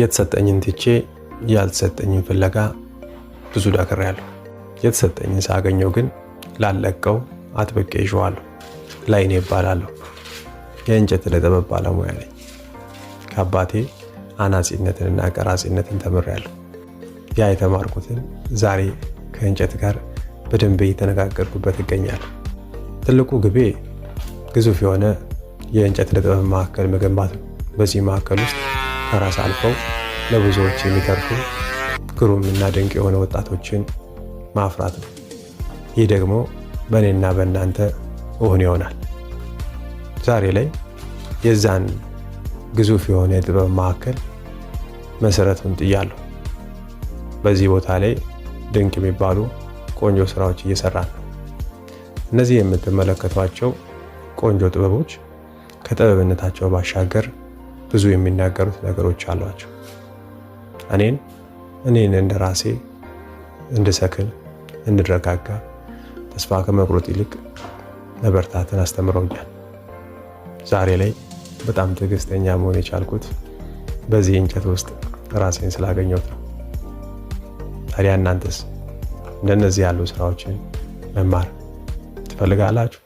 የተሰጠኝን ትቼ ያልተሰጠኝን ፍለጋ ብዙ ዳክሬያለሁ። የተሰጠኝን ሳገኘው ግን ላለቀው አጥብቄ ይዤዋለሁ። ላይኔ እባላለሁ። የእንጨት ለጥበብ ባለሙያ ነኝ። ከአባቴ አናጺነትንና ቀራጺነትን ተምሬያለሁ። ያ የተማርኩትን ዛሬ ከእንጨት ጋር በደንብ እየተነጋገርኩበት ይገኛል። ትልቁ ግቤ ግዙፍ የሆነ የእንጨት ለጥበብ ማዕከል መገንባት ነው። በዚህ ማዕከል ውስጥ ከራስ አልፈው ለብዙዎች የሚተርፉ እና ድንቅ የሆነ ወጣቶችን ማፍራት ነው። ይህ ደግሞ በእኔና በእናንተ እሁን ይሆናል። ዛሬ ላይ የዛን ግዙፍ የሆነ የጥበብ ማዕከል መሰረቱን ጥያለሁ። በዚህ ቦታ ላይ ድንቅ የሚባሉ ቆንጆ ስራዎች እየሰራ ነው። እነዚህ የምትመለከቷቸው ቆንጆ ጥበቦች ከጥበብነታቸው ባሻገር ብዙ የሚናገሩት ነገሮች አሏቸው። እኔን እኔን እንደ ራሴ እንድሰክን እንድረጋጋ ተስፋ ከመቁረጥ ይልቅ መበርታትን አስተምረውኛል። ዛሬ ላይ በጣም ትዕግስተኛ መሆን የቻልኩት በዚህ እንጨት ውስጥ ራሴን ስላገኘሁት ነው። ታዲያ እናንተስ እንደነዚህ ያሉ ስራዎችን መማር ትፈልጋላችሁ?